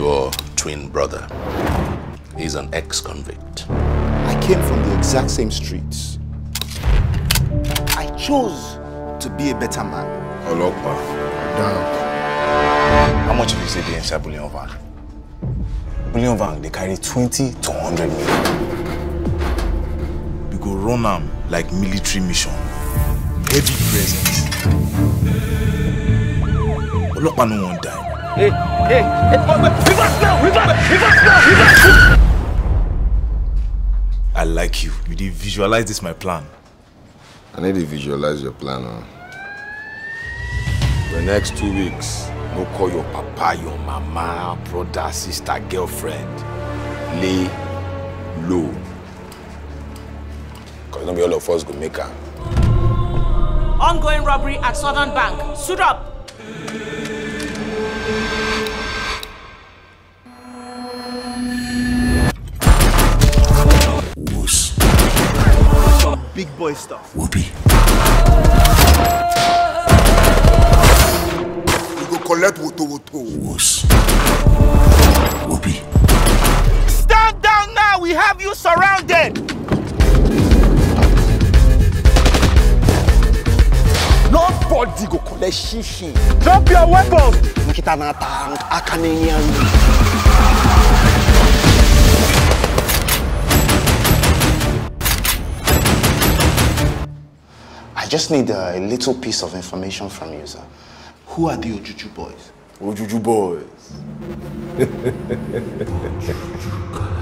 Your twin brother is an ex-convict. I came from the exact same streets. I chose to be a better man. Olokpa. damn. How much did you say they inside Bullion Van? Bullion Van, they carry 20 to 100 million. We go run them like military mission. Heavy presence. Olokpa no one die. Hey, hey, hey, reverse now, reverse, reverse now, reverse. I like you. You did visualize this my plan. I need to visualize your plan. Huh? The next two weeks, no call your papa, your mama, brother, sister, girlfriend. Lay low. Because not be all of us go make her. Ongoing robbery at Southern Bank. Suit up. big boy stuff. Whoopi. You go collect woto woto. Wuss. Whoopi. Stand down now! We have you surrounded! Nobody go collect shishi. Drop your weapons! Nkita na ta akaniyan. just need a little piece of information from you, sir. Who are the Ojuju boys? Ojuju boys.